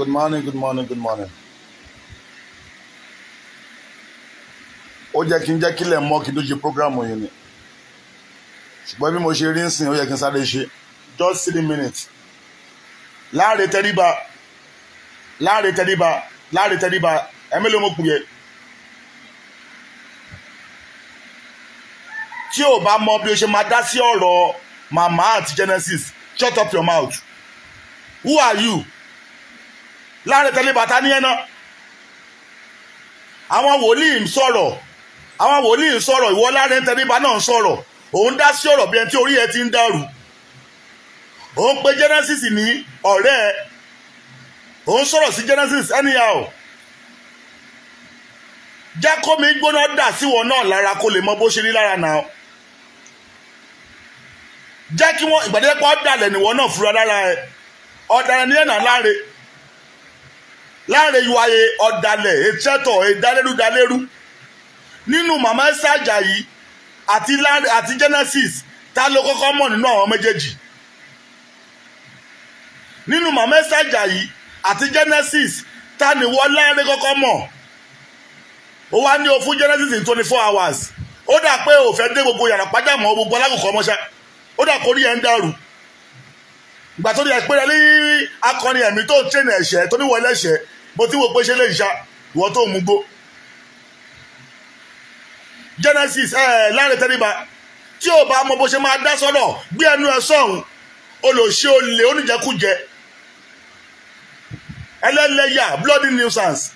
Good morning, good morning, good morning. Ó jẹ́ kí n jẹ́ kílẹ̀ mọ́ kí n tó ṣe prógrámù yìí ni. Ṣùgbọ́n bí mo ṣe rí ń sìn ó yẹ kí n sáré ṣe. Just three minutes. Láàrè tẹ́ríba. Láàrè tẹ́ríba. Láàrè tẹ́ríba. Ẹ̀mí ló mọ̀ pù yẹ. Tí o bá mọ bí o ṣe máa dá sí ọ̀rọ̀ màmá àti Genesis, shut up your mouth. Who are you? láàrin tẹ̀lé bàtà ní ẹ̀nà àwọn wòlíì ń sọ̀rọ̀ àwọn wòlíì ń sọ̀rọ̀ ìwọ láàrin tẹ̀lé bàtà náà ń sọ̀rọ̀ òun dá sí ọ̀rọ̀ bí ẹni tí orí ẹ ti ń dàrú òun pe Genesis ní ọ̀rẹ́ ẹ òun sọ̀rọ̀ sí Genesis anyhow jákòmí gbóná dà síwọ náà lára kó lè mọ bó ṣe rí lára náà jẹ́ kí wọ́n ìgbàdéjẹ́pọ̀ ọ̀dàlẹ̀ nìwọ náà fura lára ẹ ọ̀dàlẹ̀ ní ẹ̀nà láre láàrin ìwà ọ̀dàlẹ̀ ètsẹ́tọ̀ èdálérúdálérú nínú màmá Ṣàjàyí àti àti Genesis ta ló kọ́kọ́ mọ̀ nínú àwọn méjèèjì nínú màmá Ṣàjàyí àti Genesis ta ni wọ́n láàrin kọ́kọ́ mọ̀ ó wá ní o fún Genesis in twenty four hours ó dà pé ó fẹ́ dé gbogbo yàrá pàjá mọ́ gbogbo alákòókò ọmọṣẹ́ ó dà kórí ẹ̀ ń dàrú ìgbà tó di ẹ̀ pé ẹ ní akọni ẹ̀mí tó ń tẹ̀lé ẹ̀ṣẹ̀ tó níwọ̀ ẹlẹ́ṣẹ̀ mo ti wò pé ṣe lè ṣá ìwọ tó mú gbó Genesis ẹ Lanre Tẹríba tí ò bá mọ bó ṣe máa dá sọ́dọ̀ gbé ẹnu ẹ sọ̀hún olùṣe olè oníjẹkújẹ ẹlẹ́lẹ́yà bloody nuisance.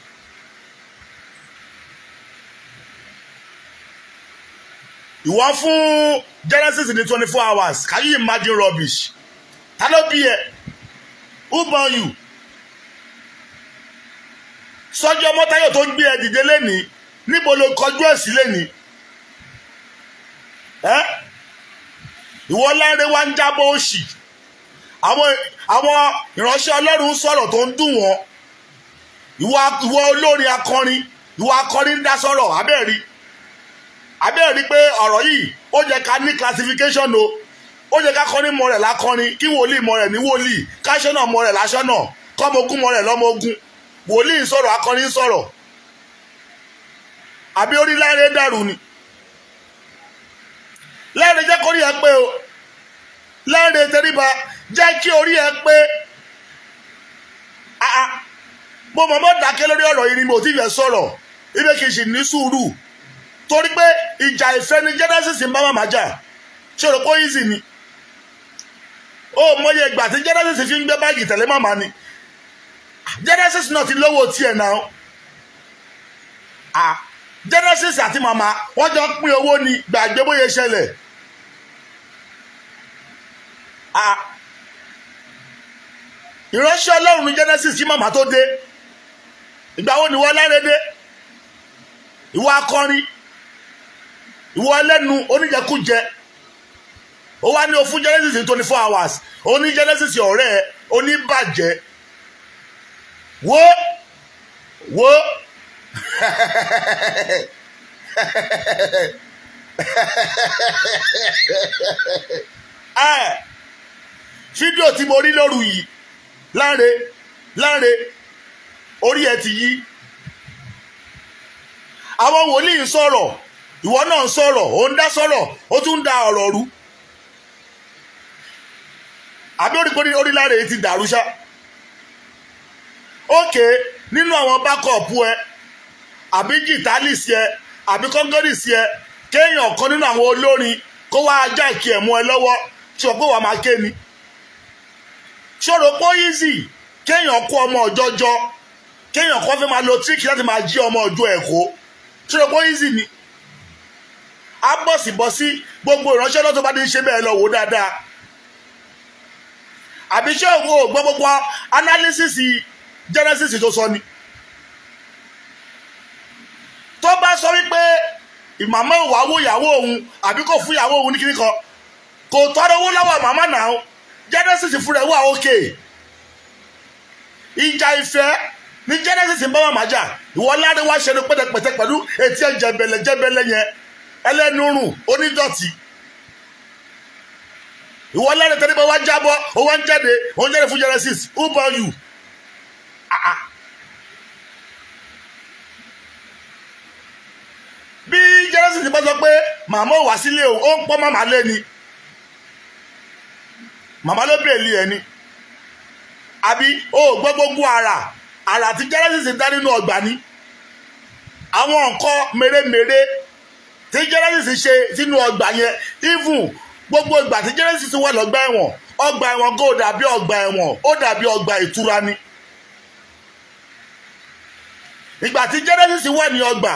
ìwọ fún Genesis ní twenty four hours can you imagine rubbish ta ló bí ẹ who born you Sọ́jí Ọmọ́táyọ̀ tó ń gbé ẹ dìde lẹ́nìí níbo ló kọjú ẹ̀ sí lẹ́nìí. ìwọ láre wá ń jábọ̀ òṣì àwọn ìránṣẹ́ Ọlọ́run sọ̀rọ̀ tó ń dùn wọ́n ìwọ olórin akọrin ìwọ akọrin ń dá sọ̀rọ̀ abẹ́ẹ̀rí abẹ́ẹ̀rí pé ọ̀rọ̀ yìí ó jẹ́ ká ní classification o ó jẹ́ ká kọrin mọ̀ rẹ̀ lákọrin kí wòlíì mọ̀ rẹ̀ ní wòlíì káṣọ́nà mọ̀ rẹ̀ láṣọ́nà kọ́mọ ogun mọ̀ rẹ̀ lọ́mọ ogun wòlíì ń sọ̀rọ̀ akọrin ń sọ̀rọ̀ àbí orí Láre dàrú ni Láre jẹ́ kórí ẹ pé o Láre tẹríba jẹ́ kí orí ẹ pé mo mọ̀ mọ́ dákẹ́ lórí ọ̀rọ̀ yìí ni mo ti fẹ́ sọ̀rọ̀ ibi kì í sì ní sùúrù torí pé ìjà ìfẹ́ ni Genesis ń bá màmá jà ṣe rò yìí sì ni ó mọye ìgbà tí Genesis fi ń gbé báàgì tẹ̀lé màmá ni Genesis náà ti lówó tiẹ̀ náà ah, Genesis àti màmá wọ́n jọ pín owó ni gbàgbé bóyá ṣẹlẹ̀ ah, ìránṣẹ́ ọlọ́run ní Genesis tí màmá tó dé ìgbà wo ni wọ́n lárẹ́dẹ́ ìwọ akọrin ìwọ ẹlẹ́nu oníjẹkújẹ ó wá ní o fún Genesis in twenty four hours oní Genesis ọ̀rẹ́ oníbàjẹ́ wo wo eh, fídíò tí mo rí lóru yìí láre láre orí ẹ ti yí àwọn wòlíì ń sọ̀rọ̀ ìwọ náà ń sọ̀rọ̀ ó ń dá sọ̀rọ̀ ó tún ń da ọ̀rọ̀ rú àbí orí orí láre ti dàrú ṣáá. ókè nínú àwọn bákọ̀ọ̀pù ẹ àbí gìtálìsì ẹ àbí ẹ kéèyàn nínú àwọn olórin kó wá ajá ìkí ẹ̀ ẹ lọ́wọ́ tí máa ké ṣòro pọ́ ọmọ ọjọjọ kéèyàn kó fẹ́ máa lo tíríkì láti máa ọmọ ọjọ́ ṣòro pọ́ ni gbogbo ìránṣẹ́ lọ́tọ́ bá ti ń ṣe bẹ́ẹ̀ lọ wò analysis Genesis tó sọ ni tó bá sọ wípé ìmàmá ò wá wó ìyàwó òun àbí kò fún ìyàwó òun ní kíní kan kò tọrọ owó lọ́wọ́ màmá náà Genesis fúnra ẹ̀ wà ókè ìjà ìfẹ́ ní Genesis ń bá màmá jà ìwọ láre wá ṣe ni pẹ́tẹpẹ́tẹ pẹ̀lú etí ẹ̀ jẹ̀bẹ̀lẹ̀ jẹ̀bẹ̀lẹ̀ yẹn ẹlẹ́nurùn onídọ̀tí ìwọ láre tẹ́lẹ̀ bá wá jábọ́ ó ń jáde ó ń jáde fún Genesis who born you bí jẹ́rẹ́sì ti bá sọ pé màmá ò sílé o ó ń pọ́ màmá lé ni màmá ló bèèlì ẹ̀ ni àbí ó gbọ́ gbogbo ara ara tí jẹ́rẹ́sì ti dá nínú ọgbà ni àwọn nǹkan mèremère tí jẹ́rẹ́sì ti ṣe sínú ọgbà yẹn even gbogbo ìgbà tí jẹ́rẹ́sì ti wà lọ́gbà ẹ̀wọ̀n ọgbà ẹ̀wọ̀n kò dàbí ọgbà ẹ̀wọ̀n ó dàbí ọgbà ìtura ni ìgbà tí Genesis wà ní ọgbà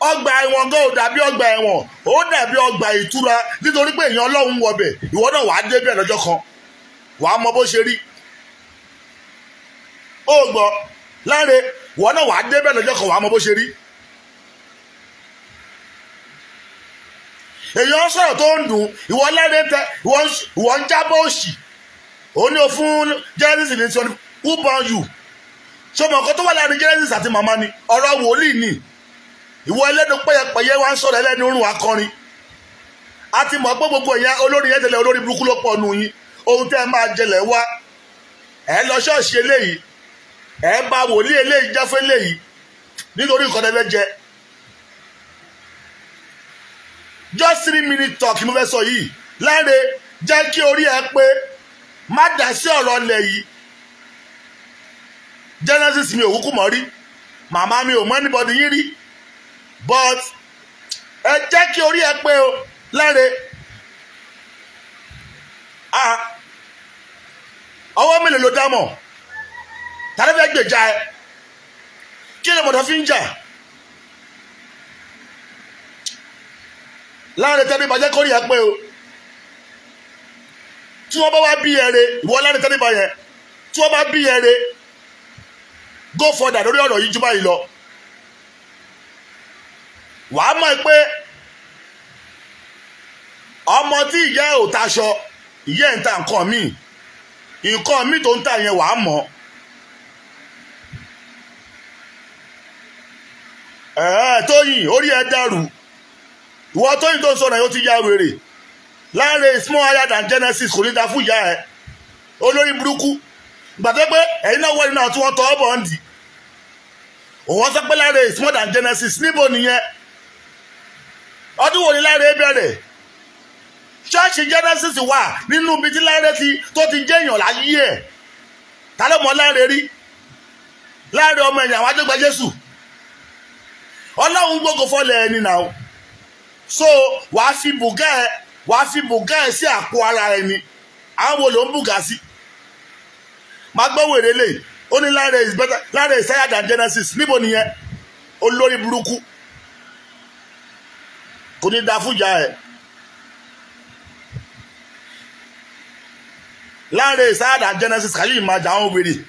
ọgbà ẹ̀wọ̀n gan ò dàbí ọgbà ẹ̀wọ̀n ó dàbí ọgbà ìtura nítorí pé èèyàn Ọlọ́run wọbẹ̀ ìwọ náà wàá débẹ̀ lọ́jọ́ kan wàá mọ bó ṣe rí ó gbọ́ láre ìwọ náà wàá débẹ̀ lọ́jọ́ kan wàá mọ bó ṣe rí. èèyàn sọ̀rọ̀ tó ń dùn ìwọ láre tẹ ìwọ ń jábọ̀ òṣì òun ni ó fún Genesis ní sọ who born you ṣọmọ ọkọ tó wà láàrin Genesis àti màmá ni ọ̀rọ̀ wòlíì ni ìwọ ẹlẹ́nu pẹ́yẹpẹ́yẹ wá ń sọ̀rọ̀ ẹlẹ́nu rún akọrin a ti mọ̀ pé gbogbo ìyẹn olórin yẹn tẹ̀lé olórin burúkú ló pọ̀ nù yín ohun tẹ́ ẹ máa jẹlẹ̀ wá ẹ lọ ṣọ́ọ̀ṣì eléyìí ẹ bá wòlíì eléyìí jáfẹ́ eléyìí nítorí nǹkan tẹ́lẹ̀ jẹ just three minute talk mo fẹ́ sọ yìí láre jẹ́ kí orí ẹ pé má dá sí ọ̀rọ̀ lẹ̀ yìí genesis mi ò wúkú mọ́ rí màmá mi ò mọ anybody yín rí but ẹ jẹ́ kí orí ẹ pé o lẹ́rẹ̀ ọwọ́ mélòó ló dámọ̀ tàbí fẹ́ gbèjà ẹ kí ni mọ̀tọ́ fi ń jà láàrin tẹ́lẹ̀ ìbàjẹ́ kórìí ẹ pé o tí wọ́n bá wá bí ẹ re ìwọ láàrin tẹ́lẹ̀ ìbàjẹ́ tí wọ́n bá bí ẹ re go further lórí ọ̀rọ̀ yìí jù báyìí lọ wàá mọ̀ pé ọmọ tí ìyá ẹ̀ ò taṣọ ìyá ẹ̀ ń ta nǹkan míì nǹkan míì tó ń ta yẹn wàá mọ̀ ẹ̀ẹ́ tóyìn orí ẹ̀ dàrú ìwọ tóyìn tó ń sọ̀rọ̀ yìí ó ti ya wèrè láàrin small higher than genesis kò ní ta fún ìyá ẹ̀ olórí burúkú. gbàgbé pé ẹ̀yin náà wẹ́rin náà tí wọ́n tọ́ ọ́ bọ̀ ń is more than genesis ni láre bẹ̀rẹ̀ ṣọ́ọ̀ṣì genesis nínú ibi tí láre ti tó ti jẹ́yàn láyé ẹ̀ ta ló mọ ọmọ ẹ̀yìn àwọn gbogbo so fi fi sí ara máa gbọ́ wèrè lè ó is better lára is higher than Genesis níbo nìyẹn olórí burúkú kò ní da fújà ẹ̀ lára is higher than Genesis kàyí ìmájà àwọn wèrè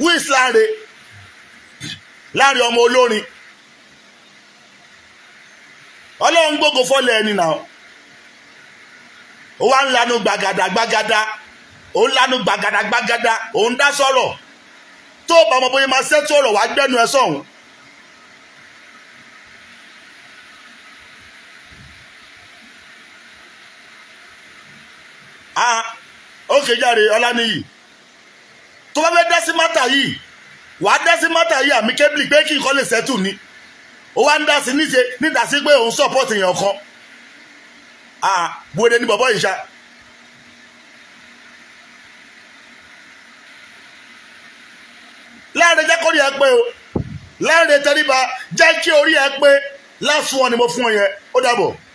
wíìs láre láre ọmọ olórin ọlọ́run gbogbo fọ́lẹ̀ ẹni náà ó wá ń lanu gbàgàdà gbàgàdà òun lanu gbàgàdàgbàgàdà òun dá sọ̀rọ̀ tó o bá ọmọ bóyá máa ṣètò ọ̀rọ̀ wá gbẹ́nu ẹ sọ̀hún. a ókè jáde ọláníyì tó bá fẹ́ dẹ́sí mátà yìí wàá dẹ́sí mátà yìí àmì kébìlì pé kí nǹkan lè ṣẹ́tù ni ó wá ń dá sí níṣe nídàásí pé òun sọ̀pọ̀tì yẹn kan a bu ede ní bọ̀bọ̀ yìí ṣáà. ẹ pé o láàrin tẹríba jẹ́ kí orí ẹ pé last one ni mo fún ọ yẹn ó dàbọ̀.